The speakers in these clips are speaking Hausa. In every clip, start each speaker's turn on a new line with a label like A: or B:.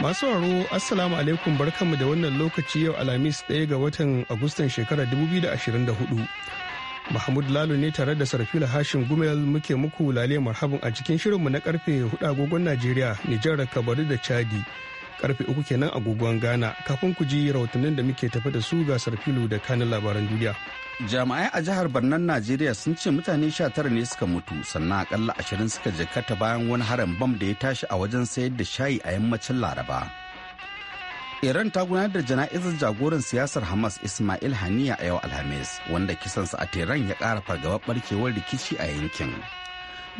A: Masu sauraro Assalamu alaikum barkanmu da wannan lokaci yau Alhamis ɗaya ga watan Agustan shekarar 2024. Mahmud Lalo ne tare da Sarfila Hashim Gumel muke muku lale marhabin a cikin shirinmu na karfe hudu agogon Najeriya, Nijar, Kabaru da Chadi. Karfe uku kenan agogon Ghana kafin ku ji rahotannin da muke tafi da su ga Sarfilu da kanin labaran duniya.
B: jami'ai a jihar barnan najeriya sun ce mutane 19 ne suka mutu sannan akalla 20 suka Kata bayan wani harin bam da ya tashi a wajen sayar da shayi a yammacin laraba iran ta gudanar da jana'izar jagoran siyasar hamas ismail haniya a yau alhamis wanda kisansa a tehran ya ƙara fargaba barkewar rikici a yankin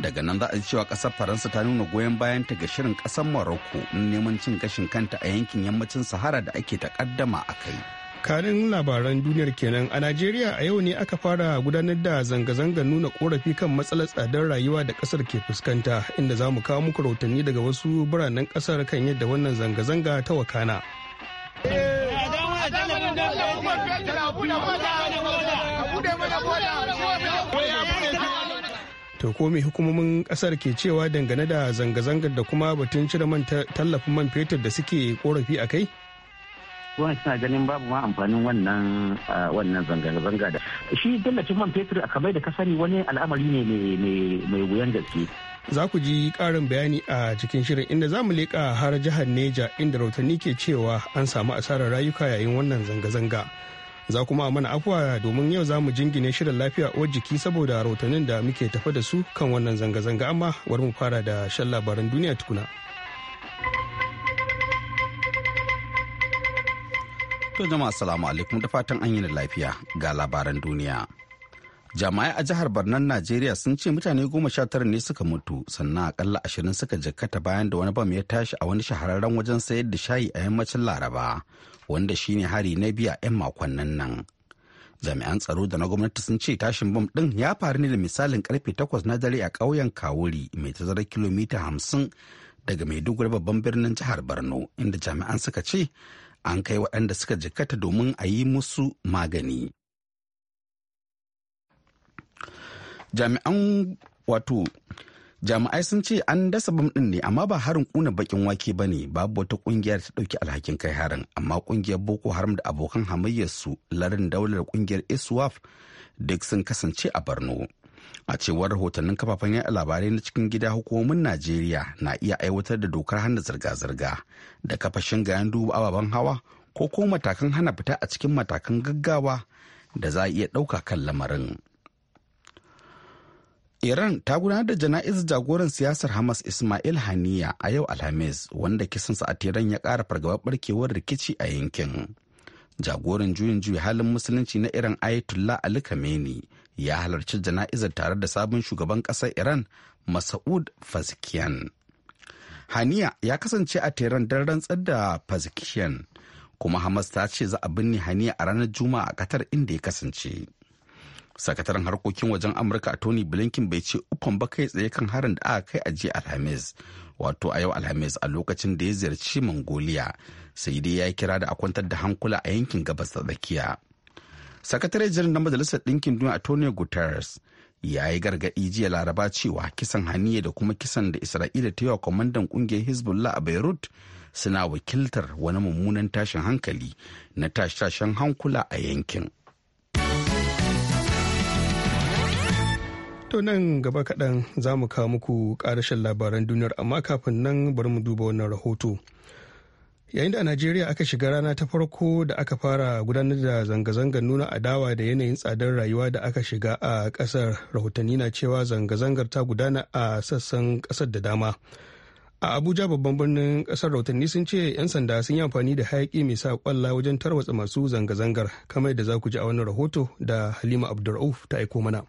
B: daga nan za a ji cewa ƙasar faransa ta nuna goyon bayan ta ga shirin kasar morocco neman cin gashin kanta a yankin yammacin sahara da ake takaddama a kai kanin
A: labaran duniyar kenan a najeriya a yau ne aka fara gudanar da zanga-zangar nuna korafi kan matsalar tsadar rayuwa da kasar ke fuskanta inda za mu kawo muku rahotanni daga wasu biranen kasar kan yadda wannan zanga-zanga ta wakana to ko mai hukumomin kasar ke cewa dangane da zanga-zangar da kuma batun cire man tallafin man fetur da suke korafi a kai
C: kuma suna ganin babu ma amfanin wannan wannan zanga-zanga da shi tallafin man fetur a kamar da ka wani al'amari
A: ne mai wuyan gaske za ku ji ƙarin bayani a cikin shirin inda za mu leƙa har jihar neja inda rautani ke cewa an samu asarar rayuka yayin wannan zanga-zanga za kuma mana afuwa domin yau za mu jingine shirin lafiya uwar jiki saboda rautanin da muke tafa da su kan wannan zanga-zanga amma bari mu fara da shan labaran duniya tukuna.
B: To jama'a assalamu alaikum da fatan an yi lafiya ga labaran duniya. Jama'ai a jihar Barnan Najeriya sun ce mutane goma sha tara ne suka mutu sannan akalla ashirin suka jikkata bayan da wani bam ya tashi a wani shahararren wajen sayar da shayi a yammacin Laraba wanda shine hari na biya 'yan makonnin nan. Jami'an tsaro da na gwamnati sun ce tashin bam ɗin ya faru ne da misalin karfe takwas na dare a ƙauyen Kawuri mai tazarar kilomita hamsin daga Maiduguri babban birnin jihar Borno inda jami'an suka ce an kai waɗanda suka jikkata domin a yi musu magani jami'an jami'ai sun ce an dasa bam ɗin ne amma ba harin kuna bakin wake ba ne babu wata ƙungiyar ta ɗauki alhakin kai harin amma ƙungiyar boko haram da abokan hamayyarsu larin daular ƙungiyar iswaf duk sun kasance a borno a cewar rahotannin kafafen yan labarai na cikin gida hukumomin najeriya na iya aiwatar da dokar hana zirga-zirga da kafa shingayen duba ababen hawa ko kuma matakan hana fita a cikin matakan gaggawa da za a iya ɗauka kan lamarin iran ta gudanar da jana'izar jagoran siyasar hamas ismail haniya a yau alhamis wanda kisansa a tiran ya ƙara fargaba barkewar rikici a yankin jagoran juyin juya halin musulunci na iran ayatollah ali khamenei ya halarci jana'izar tare da sabon shugaban ƙasar iran masa'ud fazikiyan haniya ya kasance a teran don rantsar da fazikiyan kuma hamas ta ce za a binne haniya a ranar juma'a a katar inda ya kasance sakataren harkokin wajen amurka a tony blinken bai ce ukun ba kai tsaye kan harin da aka kai a jiya alhamis wato a yau alhamis a lokacin da ya ziyarci mongolia sai dai ya kira da a kwantar da hankula a yankin gabas ta tsakiya sakatare jiran na majalisar ɗinkin duniya antonio guterres ya yi gargaɗi jiya laraba cewa kisan haniye da kuma kisan da isra'ila ta yi wa kwamandan ƙungiyar hezbollah a beirut suna wakiltar wani mummunan tashin hankali na tashen hankula a
D: yankin
A: to nan gaba kaɗan za mu kawo muku ƙarashin labaran duniyar amma kafin nan bari mu duba wannan rahoto yayin da a najeriya aka shiga rana ta farko da aka fara gudanar da zanga-zangar nuna adawa da yanayin tsadar rayuwa da aka shiga a kasar rahotanni na cewa zanga-zangar ta gudana a sassan kasar da dama a abuja babban birnin kasar rahotanni sun ce 'yan sanda sun yi amfani da hayaki mai sa kwalla wajen tarwatsa masu zanga-zangar kamar da za ku ji a wani rahoto da halima abdulrauf ta aiko mana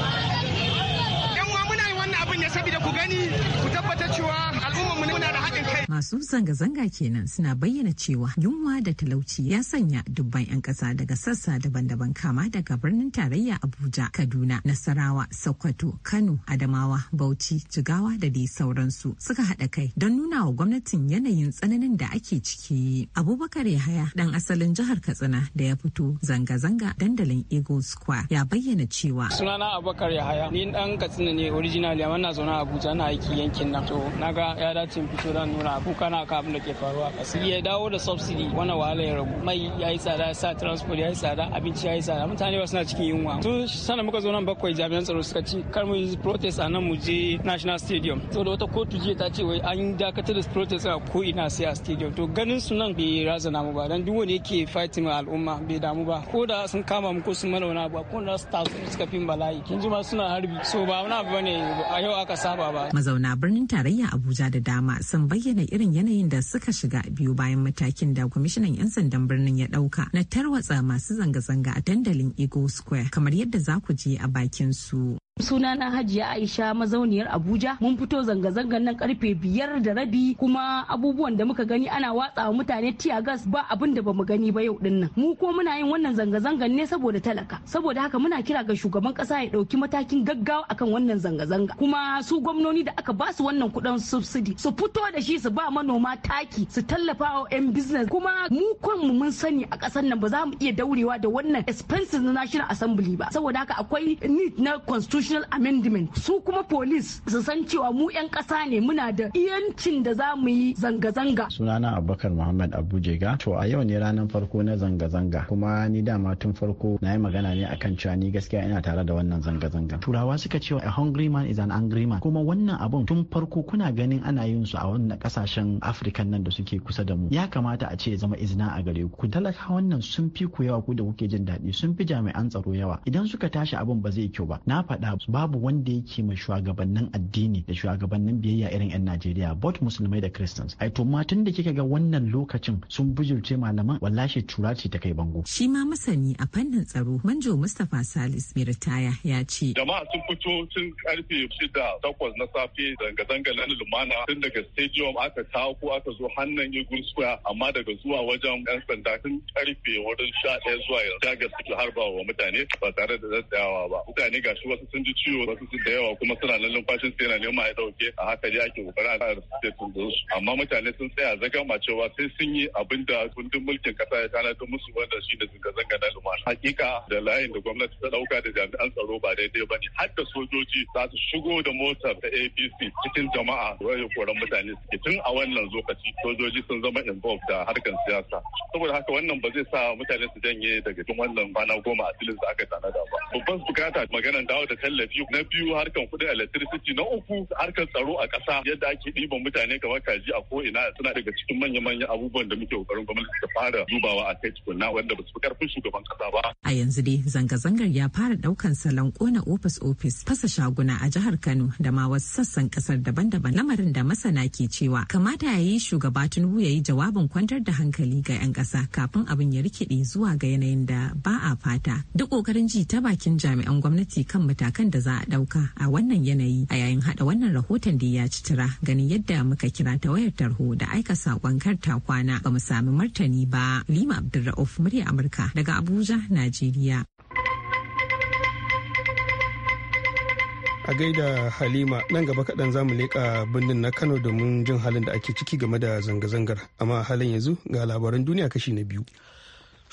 A: wannan abin ku gani ku tabbatar cewa al'ummar mu muna da haɗin
E: Masu zanga-zanga kenan suna bayyana cewa yunwa da talauci ya sanya dubban 'yan ƙasa daga sassa daban-daban kama daga birnin tarayya Abuja, Kaduna, Nasarawa, Sokoto, Kano, Adamawa, Bauchi, Jigawa da dai sauransu suka haɗa kai don nuna wa gwamnatin yanayin tsananin da ake ciki. Abubakar Yahaya ɗan asalin jihar Katsina da ya fito zanga-zanga dandalin Eagle Square ya bayyana cewa.
F: Sunana Abubakar Yahaya ni ɗan Katsina ne originally amma na zaune Abuja na aiki yankin nan to naga ya dace fito don nuna yana kuka na kan da ke faruwa kasu ya dawo da subsidy wannan wahala ya rabu. mai ya yi tsada sa transport ya yi tsada abinci ya yi tsada mutane ba suna cikin yunwa tun sana muka zo nan bakwai jami'an tsaro suka ci kar mu yi protest a nan mu je national stadium saboda wata kotu jiya ta ce wai an dakatar da protest a ko ina sai a stadium to ganin su nan bai razana mu ba dan duk wani yake fighting al'umma bai damu ba ko da sun kama mu ko sun mana wani abu ko da su suka fi bala'i kin ji ma suna harbi so ba wani abu bane a yau aka saba ba
E: mazauna birnin tarayya Abuja da dama sun bayyana da irin yanayin da suka shiga biyu bayan matakin da kwamishinan 'yan sandan birnin ya dauka na tarwatsa masu zanga-zanga a dandalin Eagle Square kamar yadda za ku je a bakin su. sunana hajiya
F: aisha mazauniyar abuja mun fito zanga-zangan nan karfe biyar da rabi kuma abubuwan da muka gani ana watsa wa mutane tiya gas ba abin da bamu gani ba yau dinnan mu ko muna yin wannan zanga-zangan ne saboda talaka saboda haka muna kira ga shugaban kasa ya dauki matakin gaggawa akan wannan zanga-zanga kuma su gwamnoni da aka basu wannan kuɗin subsidi su fito da shi su ba manoma taki su tallafa wa yan business kuma mu kanmu mun sani a kasar nan ba za mu iya daurewa da wannan expenses na national assembly ba saboda haka akwai need na constitution constitutional amendment su kuma police su san cewa mu 'yan kasa ne muna da iyancin da za mu yi zanga-zanga
C: sunana abubakar muhammad abujega to a yau ne ranar farko na zanga-zanga kuma ni dama tun farko na yi magana ne akan cewa ni gaskiya ina tare da wannan zanga-zanga turawa suka cewa a hungry man is an angry man kuma wannan abun tun farko kuna ganin ana yin su a wannan kasashen afirka nan da suke kusa da mu ya kamata a ce ya zama izina a gare ku talaka wannan sun fi ku yawa ku da kuke jin daɗi sun fi jami'an tsaro yawa idan suka tashi abun ba zai kyau ba na faɗa babu wanda yake ma shugabannin addini da shugabannin biyayya irin 'yan Najeriya both musulmai da Christians. Ai to ma tun
E: da kika ga wannan lokacin sun bujurce malaman wallahi tura ce ta kai bango. Shi ma masani a fannin tsaro Manjo Mustapha Salis mai ritaya ya ce. Jama'a sun fito tun karfe
G: shida takwas na safe zanga-zanga na lumana tun daga stadium aka tako aka zo hannun Eagle Square amma daga zuwa wajen 'yan sanda tun karfe wurin sha ɗaya zuwa yanzu daga suke harbawa mutane ba tare da daddawa ba. Mutane gashi wasu sun ji ciwo ba su da yawa kuma suna nan numfashin su yana neman a dauke a haka dai ake kokarin a sai sun zo su amma mutane sun tsaya ma cewa sai sun yi abin da kundin mulkin kasa ya tanadar musu wanda shi ne zanga zanga na lumana hakika da layin da gwamnati ta dauka da jami'an tsaro ba daidai ba ne har da sojoji za su shigo da motar ta APC cikin jama'a wajen koran mutane suke tun a wannan lokaci sojoji sun zama involved da harkar siyasa saboda haka wannan ba zai sa mutane su janye daga cikin wannan kwana goma a filin da aka tanada ba babban bukata maganar dawo da tallafi na biyu harkan kudin electricity na uku harkan tsaro a kasa yadda ake ɗiban mutane kamar kaji a ko ina suna daga cikin manya-manyan abubuwan da muke ƙoƙarin gwamnati ta fara dubawa a kai tukunna wanda ba su fi ƙarfin shugaban ƙasa
E: ba. A yanzu dai zanga-zangar ya fara ɗaukan salon kona ofis-ofis fasa shaguna a jihar Kano da ma wasu sassan kasar daban-daban lamarin da masana ke cewa kamata ya yi shugaba Tinubu ya yi jawabin kwantar da hankali ga 'yan ƙasa kafin abin ya rikide zuwa ga yanayin da ba a fata. Duk ƙoƙarin ji ta bakin jami'an gwamnati kan matakan matakan da za a dauka a wannan yanayi a yayin hada wannan rahoton da ya ci tira ganin yadda muka kira ta wayar tarho da aika sakon karta kwana ba mu sami martani ba. Lima Abdulra'uf murya Amurka daga Abuja, Najeriya.
A: a gaida halima nan gaba kaɗan za mu leƙa birnin na kano domin jin halin da ake ciki game da zanga-zangar amma halin yanzu ga labaran duniya kashi na biyu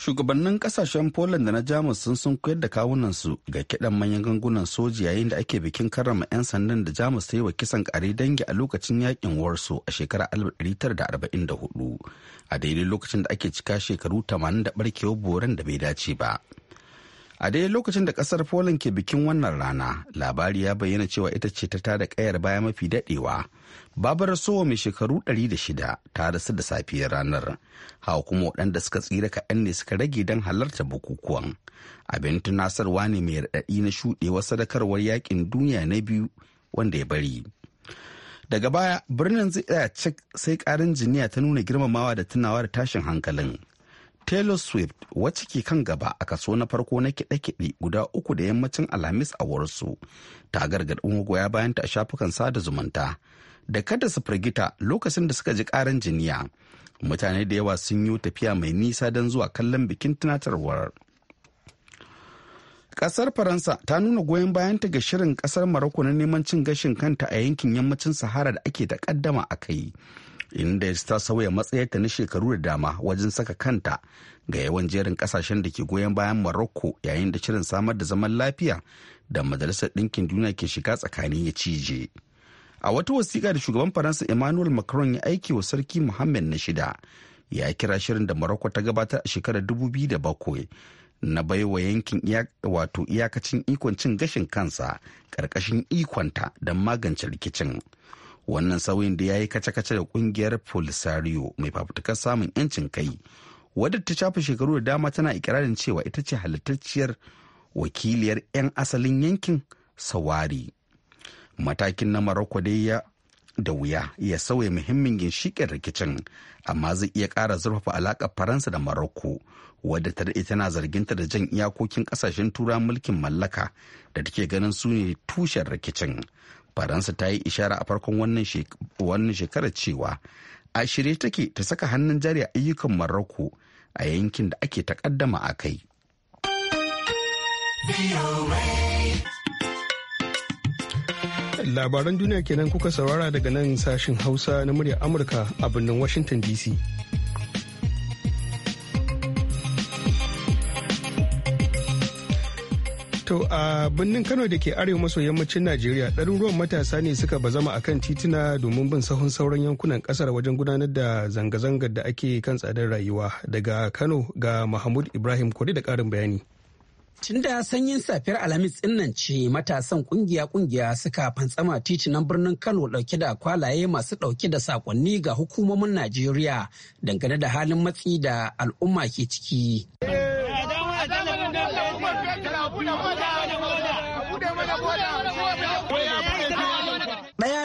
B: shugabannin kasashen poland da na jamus sun sun koyar da kawunansu ga kidan manyan gangunan soji yayin da ake bikin karrama 'yan sandan da jamus ta yi wa kisan kare dangi a lokacin yakin warso a shekarar 1944 a daidai lokacin da ake cika shekaru 80 da barkewar boran da bai dace ba. a dai lokacin da kasar poland ke bikin wannan rana labari ya bayyana cewa ita ce ta tada kayar baya mafi dadewa babar sowa mai shekaru 106 ta rasu da safiyar ranar hawa kuma waɗanda suka tsira kaɗan ne suka rage don halarta bukukuwan abin tunasarwa ne mai raɗaɗi na shuɗewa sadakarwar yakin duniya na biyu wanda ya bari daga baya birnin zai tsaya cik sai ƙarin jiniya ta nuna girmamawa da tunawa da tashin hankalin Taylor Swift wacce ke kan gaba a kaso na farko na kiɗe-kiɗe guda uku da yammacin Alhamis a wurinsu ta gargaɗi bayan bayanta a shafukan sada zumunta da kada su firgita lokacin da suka ji ƙaran jiniya. Mutane da yawa sun yi tafiya mai nisa don zuwa kallon bikin tunatarwar. Ƙasar Faransa ta nuna goyon bayan ta ga shirin ƙasar Maroko na neman cin gashin kanta a yankin yammacin Sahara da ake takaddama a kai. inda ta sauya matsayarta na shekaru da dama wajen saka kanta ga yawan jerin kasashen da ke goyon bayan Morocco yayin da shirin samar da zaman lafiya da Majalisar Ɗinkin Duniya ke shiga tsakani ya cije. A wata wasiƙa da shugaban Faransa Emmanuel Macron ya aiki wa Sarki Muhammad na shida ya kira shirin da Morocco ta gabatar a shekarar 2007 na bai wa yankin wato iyakacin ikon cin gashin kansa ƙarƙashin ikonta don magance rikicin. wannan sauyin da ya yi kace-kace da kungiyar polisario mai fafutukar samun 'yancin kai wadda ta shafi shekaru da dama tana ikirarin cewa ita ce halittacciyar wakiliyar 'yan asalin yankin sawari matakin na marokko dai ya da wuya ya sauya muhimmin ginshikin rikicin amma zai iya kara zurfafa alaƙar faransa da marokko wadda ta daɗe tana zarginta da jan iyakokin ƙasashen tura mulkin mallaka da take ganin su ne tushen rikicin faransa ta yi ishara a farkon wannan shekarar cewa a shirye take ta saka hannun jari a ayyukan maroko a yankin da ake takaddama a kai
A: labaran duniya kenan kuka saurara daga nan sashin hausa na murya amurka a birnin washington dc To a birnin Kano da ke arewa maso yammacin Najeriya ɗaruruwan matasa ne suka bazama a kan tituna domin bin sahun sauran yankunan ƙasar wajen gudanar da zanga-zangar da ake kan tsadar rayuwa daga Kano ga Mahmud Ibrahim Kwari da ƙarin bayani.
F: Tun da sanyin safiyar Alhamis ɗin nan ce matasan kungiya-kungiya suka fantsama titunan birnin Kano ɗauke da kwalaye masu ɗauke da sakonni ga hukumomin Najeriya dangane da halin matsi da al'umma ke ciki.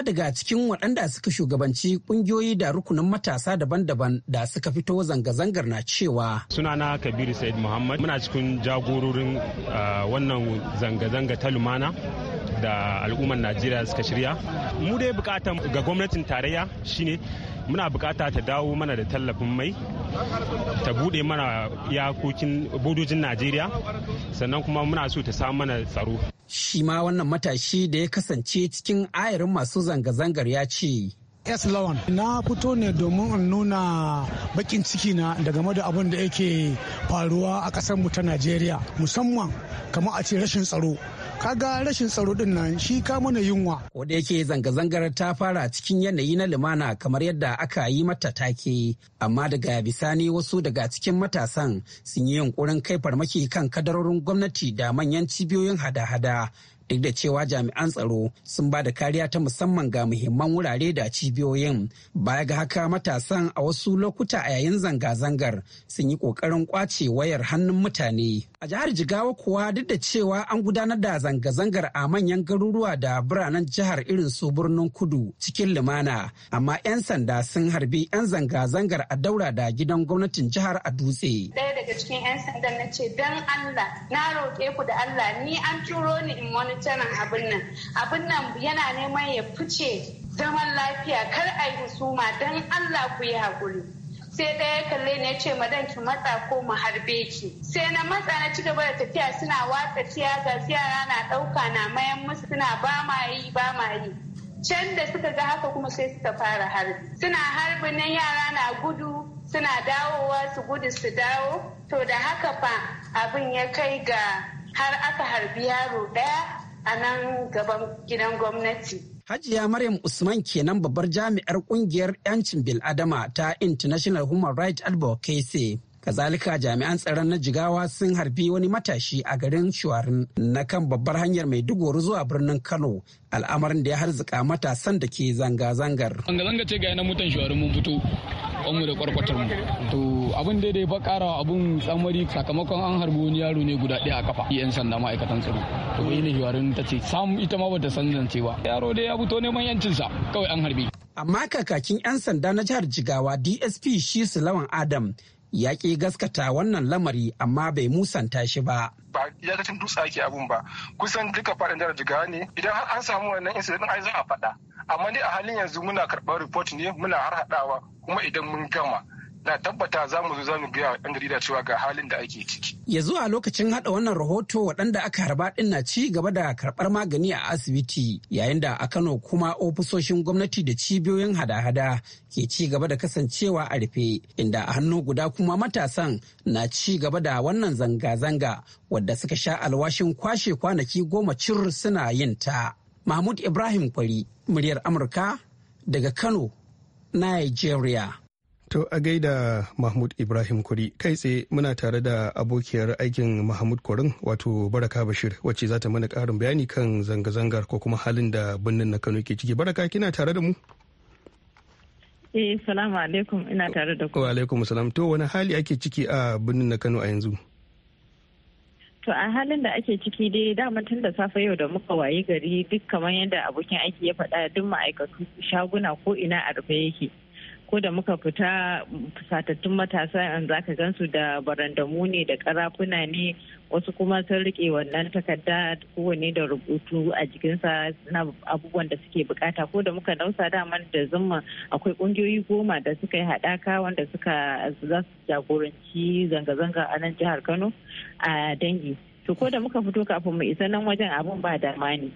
F: daga cikin waɗanda suka shugabanci ƙungiyoyi da rukunin matasa daban-daban da suka fito zanga-zangar na cewa. Sunana Kabiru Said Muhammad muna cikin jagororin ah, wannan zanga-zanga ta lumana da al'ummar Najeriya suka shirya. Mu dai bukata ga gwamnatin tarayya shine muna bukata ta dawo mana da tallafin mai ta bude mana iyakokin bodojin najeriya sannan kuma muna so ta samu mana tsaro shi ma wannan matashi da ya kasance cikin ayarin masu zanga-zangar ya ce S. Na fito ne domin in
C: nuna bakin ciki na da game da abin da yake faruwa a ƙasar mu ta Najeriya musamman kamar a ce rashin tsaro kaga rashin tsaro din nan shi ka mana yunwa
F: wanda yake zanga-zangar ta fara cikin yanayi na lumana kamar yadda aka yi mata take amma daga bisani wasu daga cikin matasan sun yi yunkurin kai farmaki kan kadarorin gwamnati da manyan cibiyoyin hada-hada duk da cewa jami'an tsaro sun ba da kariya ta musamman ga muhimman wurare da cibiyoyin baya ga haka matasan a wasu lokuta a yayin zanga-zangar sun yi kokarin kwace wayar hannun mutane a jihar jigawa kuwa duk da cewa an gudanar da zanga-zangar a manyan garuruwa da biranen jihar irin su birnin kudu cikin lumana amma 'yan sanda sun harbi 'yan zanga-zangar a daura da gidan gwamnatin jihar a dutse
E: ɗaya daga cikin 'yan sandan na ce dan allah
F: na roƙe ku da allah ni an turo ni in wani tana abin nan abin nan yana neman ya fice zaman lafiya kar a yi husuma don allah ku yi haƙuri sai ɗaya ya kalle ne ce madan ki matsa ko mu harbe ki sai na matsa na ci gaba da tafiya suna watsa ga yara na ɗauka na mayan musu suna ba ma yi ba ma yi can da suka ga haka kuma sai suka fara harbi suna harbi na yara na gudu suna dawowa su gudu su dawo to da haka fa abin ya kai ga har aka harbi yaro ɗaya a nan gaban gidan gwamnati. Hajiya Maryam Usman kenan babbar jami'ar kungiyar 'yancin bil'adama ta International Human Rights Advocacy. Kazalika jami'an tsaron na jigawa sun harbi wani matashi a garin Shuwarin na kan babbar hanyar mai dugori zuwa birnin Kano al'amarin da ya harzika matasan da ke zanga-zangar.
H: Zanga-zanga ce ga na mutan Shuwarin mun fito
F: mu da kwarkwatar mu to abin da ya fa abun tsamari sakamakon an harbi wani yaro ne
H: guda ɗaya a kafa yan sanda ma'aikatan tsaro to yi ne yawarin ta ce samu ita ma bata san zancewa
F: yaro da ya fito neman yancinsa kawai an harbi amma kakakin 'yan sanda na jihar jigawa dsp shi lawan adam ya ƙi gaskata wannan lamari amma bai musanta shi ba.
A: Ba iyakacin dutse ake abun ba kusan duka faɗin da jiga ne idan har an samu wannan incident ai za a faɗa amma dai a halin yanzu muna karɓar report ne muna harhaɗawa kuma idan mun
F: gama na tabbata za mu za mu biya ɗan jarida cewa ga halin da ake ciki. Ya zuwa lokacin haɗa wannan rahoto waɗanda aka harba ɗin na ci gaba da karɓar magani a asibiti yayin da a Kano kuma ofisoshin gwamnati da cibiyoyin hada-hada ke ci gaba da kasancewa a rufe inda a hannu guda kuma matasan na ci gaba da wannan zanga-zanga wadda suka sha alwashin kwashe kwanaki goma cir suna yin ta. Mahmud Ibrahim Kwari, muryar Amurka daga Kano, Nigeria.
A: To a gaida Mahmud Ibrahim Kuri kai tsaye muna tare da abokiyar aikin Mahmud Kurin wato Baraka Bashir wacce za ta mana karin bayani kan zanga-zangar ko kuma halin da birnin na Kano ke ciki. Baraka kina tare da mu?
I: Eh salamu alaikum ina
A: tare da ku. Wa alaikum salam to wani hali ake ciki a birnin na Kano a yanzu?
I: To a halin da ake ciki dai dama tun da safe yau da muka waye gari duk kamar yadda abokin aiki ya faɗa duk ma'aikatu shaguna ko ina a rufe yake. ko da muka fita fusatattun matasa an za ka gansu da barandamu ne da karafuna ne wasu kuma sun rike wannan takarda kowane da rubutu a jikinsa na abubuwan da suke bukata ko da muka nausa daman da zama akwai kungiyoyi goma da suka yi haɗaka wanda suka za su jagoranci zanga-zanga a nan jihar kano a dangi to ko da muka fito kafin mu isa nan wajen abin ba da ne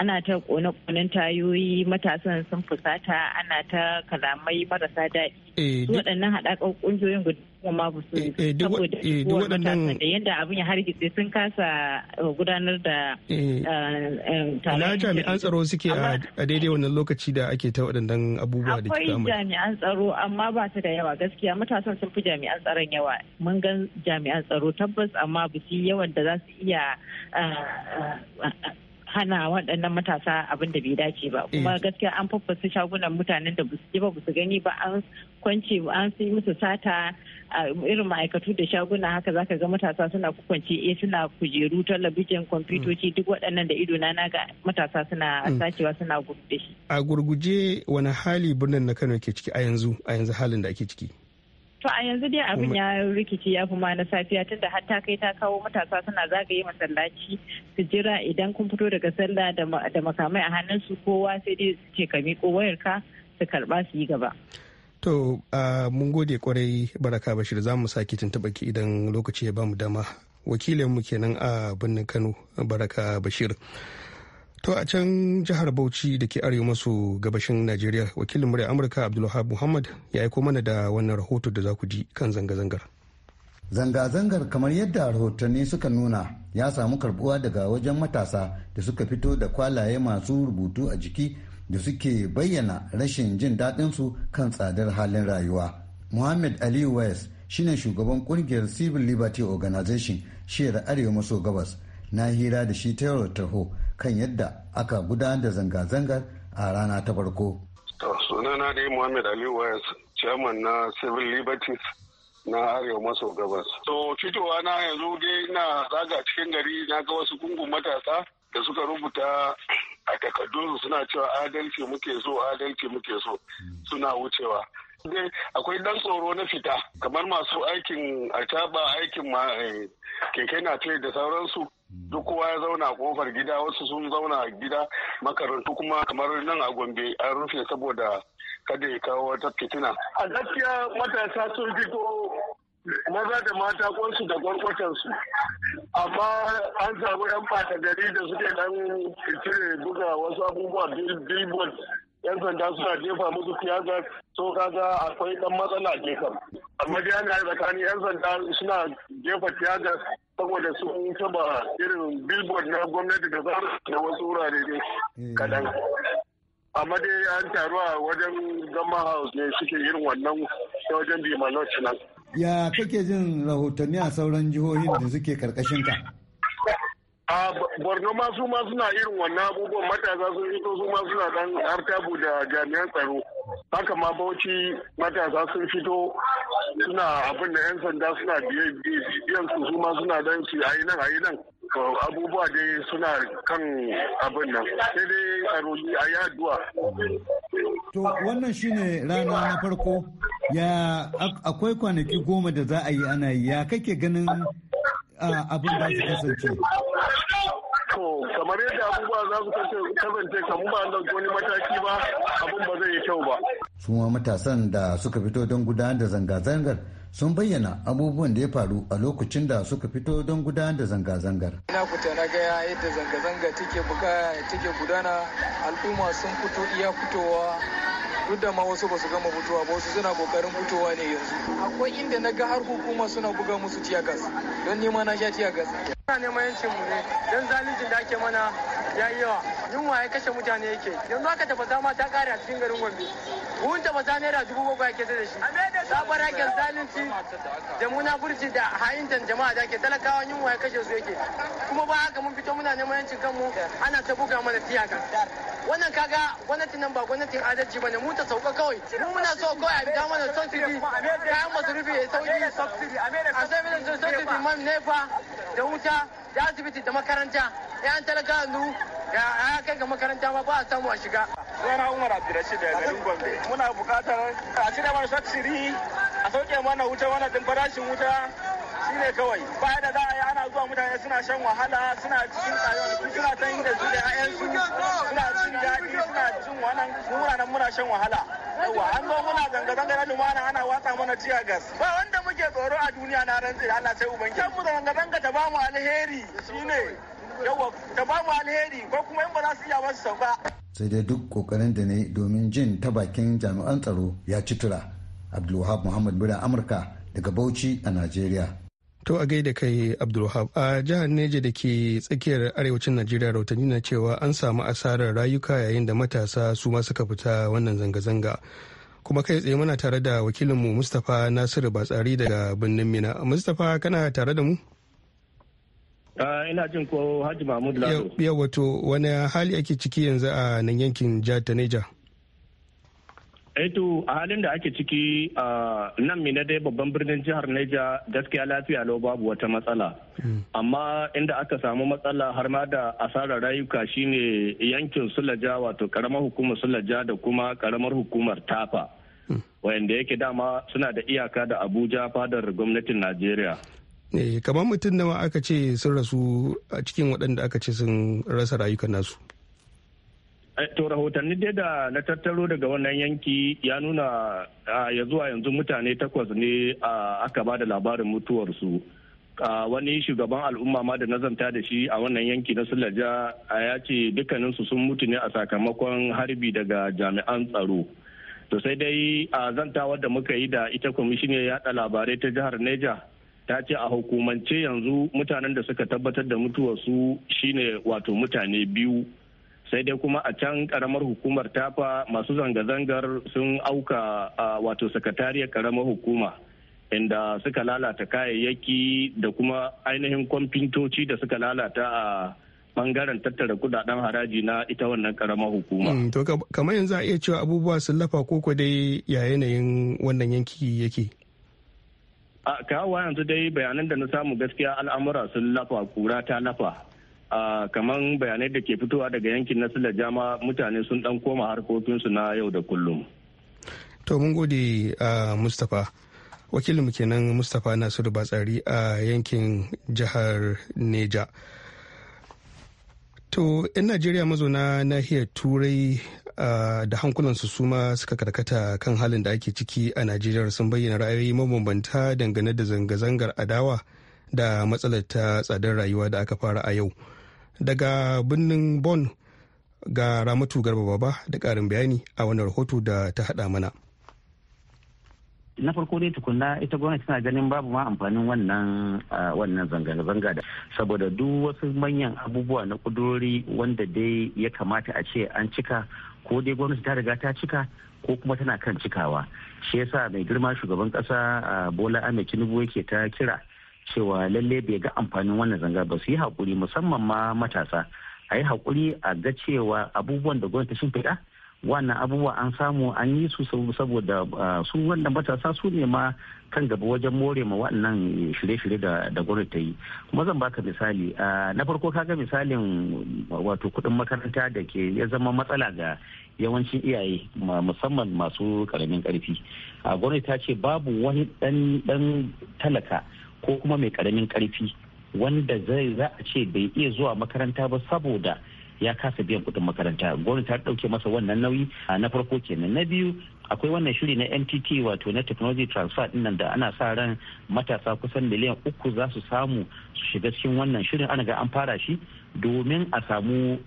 I: ana ta kone konin tayoyi matasan sun fusata ana ta kalamai marasa daɗi eh, su waɗannan haɗakar ƙungiyoyin guda kuma ba su eh, eh, saboda da yadda abin ya hargitse sun kasa gudanar da
A: na jami'an tsaro suke a daidai wannan lokaci da ake ta waɗannan abubuwa da akwai
I: jami'an tsaro amma ba su da yawa gaskiya matasan sun fi jami'an tsaron yawa mun ga jami'an tsaro tabbas amma ba su yawan da za su iya hana waɗannan matasa abin da bai dace ba kuma eh. gaskiya an faffasa shagunan mutanen da basu ba basu gani ba an kwance an yi musu sata a irin ma'aikatu da shaguna haka zaka ga matasa suna kukwance eh suna kujeru talabijin kwamfutoci duk waɗannan da ido na ga matasa suna mm. sacewa suna gurguje.
A: a gurguje wani hali birnin na Kano ke ciki a yanzu a yanzu halin da ake ciki
I: To a yanzu dai abin ya rikici ya fi ma na safiya tunda har ta kai ta kawo matasa suna zagaye masallaci su jira idan kun fito daga sallah da makamai a hannunsu kowa sai dai su ce ka miƙo ka su karɓa su yi gaba.
A: To mun gode kwarai baraka bashir za mu sake tuntuɓa ki idan lokaci ya mu dama wakilinmu kenan a birnin Kano baraka bashir. To a can jihar Bauchi da ke arewa maso gabashin Najeriya wakilin murya Amurka Abdulwahab Muhammad ya aiko mana da wannan
D: rahoto da za ku ji kan zanga-zangar. Zanga-zangar kamar yadda rahotanni suka nuna ya samu karbuwa daga wajen matasa da suka fito da kwalaye masu rubutu a jiki da suke bayyana rashin jin daɗinsu kan tsadar halin rayuwa. Muhammad Ali West shine shugaban kungiyar Civil Liberty Organization shiyar Arewa maso gabas na hira da shi ta tarho kan yadda aka gudanar da zanga-zangar a rana ta farko.
G: sunana dai Muhammad Ali Wayans, chairman na Civil Liberties na Arewa maso gabas. To fitowa na yanzu dai ina zaga cikin gari na ga wasu gungun matasa da suka rubuta a takardunsu suna cewa adalci muke so adalci muke so suna wucewa. dai akwai dan tsoro na fita kamar masu aikin ataba aikin eh, keke na da sauransu duk kowa ya zauna kofar gida wasu sun zauna gida makarantu kuma kamar nan a gombe an rufe saboda kada ya kawo wata fitina a gaskiya matasa sun fito maza da mata kwansu da gwargwatansu amma an samu yan fata gari da suke dan cire buga wasu abubuwa billboard yan sanda suna jefa musu siyasa so kaga akwai dan matsala ke kan amma dai ana tsakanin yan sanda suna jefa siyasa saboda sun taba irin billboard na gwamnati da zarar da wasu wurare ne eh. kadan amma dai an taru a wajen gama house ne suke irin wannan ta wajen bimanoci nan
D: ya kake jin rahotanni a sauran jihohin da suke karkashin ka
G: a borno ma su ma suna irin wannan abubuwan matasa sun fito su ma suna dan hartabu da jami'an tsaro haka ma bauchi matasa sun fito suna abin da yan sanda suna biyan su su ma suna dan ci ayi nan ayi nan abubuwa dai suna kan abin nan sai dai tsaro a yi addu'a
D: to wannan shine rana na farko ya akwai kwanaki goma da za a yi ana yi ya kake ganin abin da su kasance
G: kamar yadda abubuwa za su kasance kamar ba an ɗauki wani mataki ba abin ba zai yi kyau ba.
D: su ma matasan da suka fito don gudanar da zanga-zangar sun bayyana abubuwan da ya faru a lokacin da suka fito don gudanar da zanga-zangar.
A: Ina kuta na gaya yadda zanga-zanga take buka take gudana al'umma sun fito iya fitowa duk da ma wasu ba su gama fitowa ba wasu suna kokarin fitowa ne
H: yanzu akwai inda na ga har hukuma suna buga musu tiyagas don nima na sha tiyagas muna neman yancin mu ne don zaluncin da ake mana ya yi yawa yunwa ya kashe mutane yake yanzu aka tafasa ma ta kare a cikin garin gombe buhun tafasa naira dubu goma ake kese da shi
D: sabuwar hakin
H: zalunci da munafurci da hayintan jama'a da ke talakawa yunwa ya kashe su yake kuma ba haka mun fito muna neman yancin kanmu ana ta buga mana tiyaga. wannan kaga gwamnatin nan ba gwamnatin adalci bane mu ta sauka kawai mu muna so kawai a bida mana subsidy kayan masarufi ya sauki a sai mana subsidy man nefa da wuta da asibiti da makaranta yan talaka yanzu ga ya kai ga makaranta ba ba a samu a shiga sunana umar abdurrashid da garin gombe muna bukatar a cire mana subsidy a sauke mana wuta mana din farashin wuta shi ne kawai ba da za a yi ana zuwa mutane suna shan wahala suna cikin tsayon suna ta yi da su da su suna cin daɗi suna
B: cin wannan muna shan wahala yawa an zo muna zanga-zanga na lumana ana watsa mana ciya gas ba wanda muke tsoro a duniya na ran tsira Allah sai ubangiji kan mu zanga-zanga ta bamu alheri shine yawa ta bamu alheri ko kuma in ba za su iya wasu ba
D: sai dai duk kokarin da ne domin jin ta bakin jami'an tsaro ya ci tura abdulwahab muhammad birnin amurka daga bauchi a najeriya
A: To a gaida kai Abdulwahab a jihar Neja da ke tsakiyar arewacin Najeriya rautani na cewa an samu asarar rayuka yayin da matasa su ma suka fita wannan zanga-zanga. Kuma kai tsaye muna tare da wakilinmu Mustapha Nasiru Batsari daga birnin Mina. Mustapha kana tare da mu?
H: ina jin ko Hajji Mahmud Lado.
A: Yau wato wani hali ake ciki yanzu a nan yankin jihar ta Neja?
H: Eto eh a halin da ake ciki a nan mina dai babban birnin jihar Neja gaskiya lafiya lau babu wata matsala. Hmm. Amma inda aka samu matsala har ma da asarar rayuka shine yankin Sulaja wato karamar hukumar Sulaja da kuma karamar hukumar Tafa. Hmm. Wayanda yake dama suna da iyaka da Abuja fadar gwamnatin Najeriya.
A: Eh, kamar mutum nawa aka ce sun rasu a cikin waɗanda aka ce sun rasa rayukan nasu.
H: Eh, to rahotanni dai da na tattaro daga wannan yanki ya nuna ya zuwa yanzu mutane takwas ne aka ba da labarin mutuwarsu wani shugaban al'umma ma da nazanta da shi a wannan yanki na sulaja ya ce dukkaninsu sun mutu ne a sakamakon harbi daga jami'an tsaro to sai dai a zantawa da muka yi da ita ya yada labarai ta jihar neja ta ce a hukumance yanzu mutanen da suka tabbatar da mutuwarsu shine wato mutane biyu sai dai kuma a can karamar hukumar tafa masu zanga-zangar sun auka wato sakatariyar karamar hukuma inda suka lalata kayayyaki da kuma ainihin kwamfintoci da suka lalata a bangaren tattara kudaden haraji na ita wannan karamar hukuma. Mm,
A: to kamar yanzu a iya cewa abubuwa sun lafa koko dai ya yanayin wannan yanki yake.
H: a kawo yanzu dai bayanan da na samu gaskiya al'amura sun lafa kura ta lafa kamar bayanai da ke fitowa daga yankin na jama mutane sun dan koma harkokinsu na yau da kullum.
A: To mun gode Mustapha. Wakilinmu kenan Mustapha Nasiru Batsari a yankin jihar Neja. To, 'yan Najeriya mazauna nahiyar Turai da hankulansu suma suka karkata kan halin da ake ciki a Najeriya sun bayyana ra'ayoyi mabambanta dangane da zanga-zangar adawa da matsalar ta tsadar rayuwa da aka fara a yau. daga birnin bon ga ramatu garba baba da karin bayani a wannan rahoto da ta hada mana
C: na farko dai tukunna ita gwamnati tana ganin babu ma amfanin wannan wannan zanga-zanga da saboda duk wasu manyan abubuwa na kudurori wanda dai ya kamata a ce an cika ko dai gwamnati ta riga ta cika ko kuma tana kan cikawa shi yasa mai girma shugaban kasa bola ahmed tinubu yake ta kira cewa lalle bai ga amfanin wannan zanga ba su yi haƙuri musamman ma matasa a yi haƙuri a ga cewa abubuwan da gwamnati sun fiɗa wannan abubuwa an samu an yi su saboda ah, su wannan matasa su ne ma kan gaba wajen more ma wannan shirye-shirye da gwamnati ta yi kuma zan baka misali ah, na farko kaga misalin wato kuɗin makaranta da ke ya zama matsala ga yawancin iyaye musamman masu karamin karfi ah, gwamnati ta ce babu wani ɗan talaka ko kuma mai karamin karfi wanda zai za a ce bai iya zuwa makaranta ba saboda ya kasa biyan kuɗin makaranta gwamnati ta ɗauke masa wannan nauyi na farko kenan na biyu akwai wannan shiri na ntt wato na technology transfer dinnan da ana sa ran matasa kusan miliyan uku za su samu su shiga cikin wannan shirin ana ga an fara shi domin a samu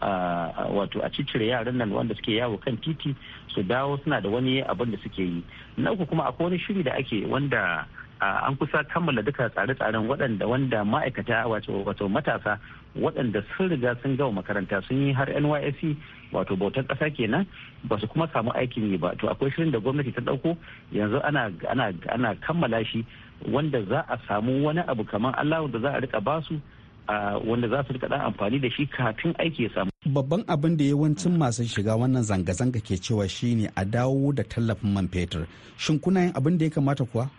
C: wato a cicire yaran nan wanda suke yawo kan titi su dawo suna da wani abin da suke yi na uku kuma akwai wani shiri da ake wanda an kusa kammala duka tsare-tsaren waɗanda wanda ma'aikata wato matasa waɗanda sun riga sun gama makaranta sun yi har nysc wato bautar ƙasa kenan ba su kuma samu aikin yi ba to akwai shirin da gwamnati ta ɗauko yanzu ana kammala shi wanda za a samu wani abu kamar allahu da za a rika basu wanda za su rika ɗan amfani da shi kafin aiki ya samu
B: babban abin da yawancin masu shiga wannan zanga-zanga ke cewa shine a dawo da tallafin man fetur shin kuna yin abin da ya kamata kuwa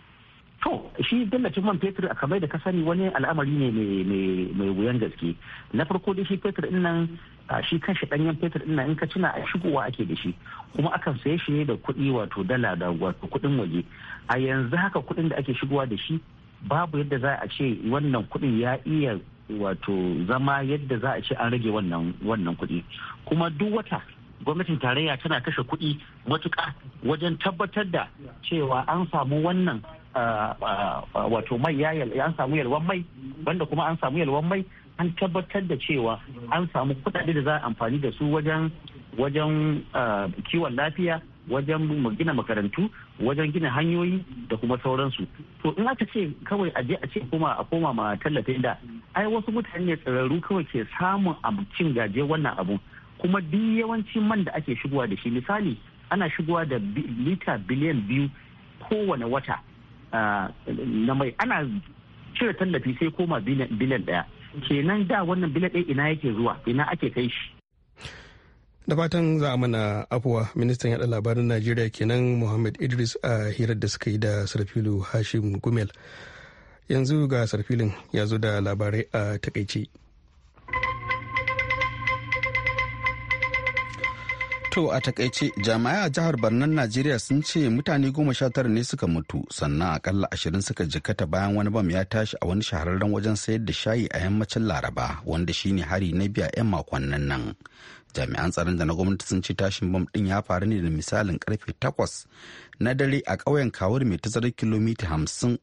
C: To shi dallacin man fetur a kamar da ka sani
B: wani al'amari ne mai wuyan
C: gaske. Na farko dai shi fetur din nan shi kanshi danyen fetur din nan in ka cina a shigowa ake da shi kuma akan saye shi ne da kuɗi wato dala da wato kuɗin waje. A yanzu haka kuɗin da ake shigowa da shi babu yadda za a ce wannan kuɗin ya iya wato zama yadda za a ce an rage wannan wannan kuɗi. Kuma duk wata gwamnatin tarayya tana kashe kuɗi matuƙa wajen tabbatar da cewa an samu wannan wato mai ya an samu yalwan mai wanda kuma an samu yalwan mai an tabbatar da cewa an samu kudade da za a amfani da su wajen wajen kiwon lafiya wajen gina makarantu wajen gina hanyoyi da kuma sauransu to in aka ce kawai a je a ce kuma a koma ma tallafin da ai wasu mutane tsararru kawai ke samun abincin gaje wannan abu kuma duk yawancin man da ake shigowa da shi misali ana shigowa da lita biliyan biyu kowane wata na mai ana cire tallafi sai koma biliyan ɗaya kenan da wannan biliyan ɗaya ina yake zuwa ina ake kai shi
A: da fatan za a mana afuwa ministan yada labarin najeriya kenan muhammad idris a hirar da suka yi da sarfilu hashim gumel yanzu ga sarfilin ya zo da labarai a takaice.
B: To a takaice jami'ai a jihar Barnan Najeriya sun ce mutane goma sha tara ne suka mutu sannan akalla ashirin suka jikkata bayan wani bam ya tashi a wani shahararren wajen sayar da shayi a yammacin Laraba wanda shine hari na biya 'yan makonnan nan. Jami'an tsaron da na gwamnati sun ce tashin bam din ya faru ne da misalin karfe takwas na dare a ƙauyen Kawur mai tazarar kilomita hamsin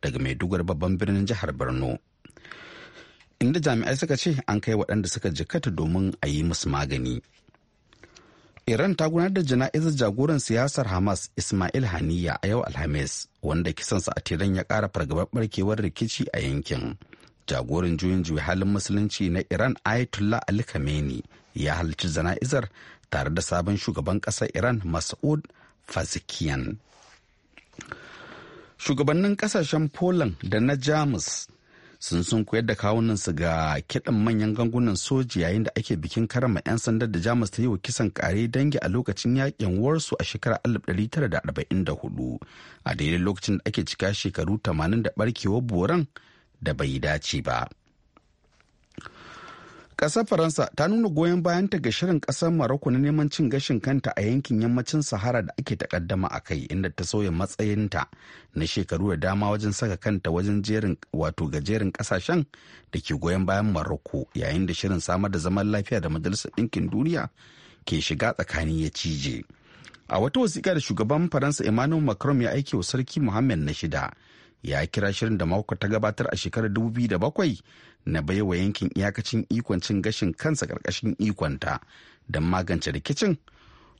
B: daga Maiduguri babban birnin jihar Borno. Inda jami'ai suka ce an kai waɗanda suka jikkata domin a yi musu magani. Iran ta gudanar da jana'izar jagoran siyasar Hamas Ismail Haniya a yau Alhamis, wanda kisansa a tiran ya ƙara fargabar barkewar rikici a yankin. Jagoran juyin juyi halin musulunci na Iran Ayatollah Ali Khamenei ya halarci jana'izar tare da sabon shugaban ƙasar Iran Mas'ud Fazikiyan. Shugabannin ƙasashen Poland da na Jamus sun sun koyar da kawunansu ga kiɗan manyan gangunan soji yayin da ake bikin karama 'yan sandar da jamus ta yi wa kisan kare dangi a lokacin yakin warsu a shekarar 1944 a daidai lokacin da ake cika shekaru 80 da barkewar boran da bai dace ba. Ƙasar Faransa ta nuna goyon bayanta ga shirin ƙasar Maroko na neman cin gashin kanta a yankin yammacin Sahara da ake takaddama a kai inda ta sauya matsayinta na shekaru da dama wajen saka kanta wajen jerin wato gajerin ƙasashen da ke goyon bayan Maroko yayin da shirin samar da zaman lafiya da Majalisar Ɗinkin Duniya ke shiga tsakani ya cije. A wata wasiƙa da shugaban Faransa Emmanuel Macron ya aike wa Sarki Mohammed na shida ya kira shirin da mako ta gabatar a shekarar dubu da bakwai na baiwa yankin iyakacin ikon cin gashin kansa karkashin ikonta don magance rikicin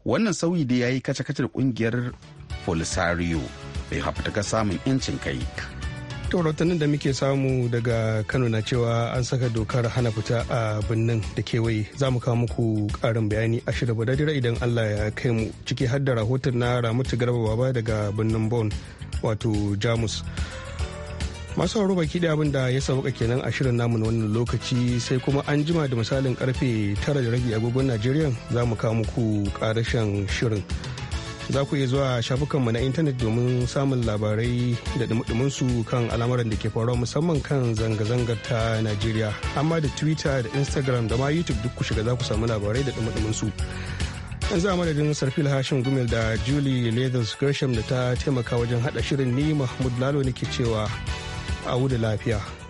B: wannan sauyi da ya yi kace-kace da kungiyar polisario bai hafuta samun 'yancin kai
A: to rahotannin da muke samu daga kano na cewa an saka dokar hana fita a birnin da kewaye za mu kawo muku karin bayani a shirya badadira idan allah ya kai mu ciki har da rahoton na ramutu garba baba daga birnin bon wato jamus masu horo baki da abin da ya sauka kenan a shirin namu na wannan lokaci sai kuma an jima da misalin karfe tara da rage agogon najeriya za mu kawo muku karashen shirin za ku iya zuwa shafukanmu na intanet domin samun labarai da dumudumunsu kan al'amuran da ke faruwa musamman kan zanga-zangar ta najeriya amma da twitter da instagram da ma youtube duk ku shiga za ku samu labarai da su. yanzu a madadin sarfil hashin gumel da julie leathers gresham da ta taimaka wajen hada shirin ni mahmud lalo nake cewa a wuda lafiya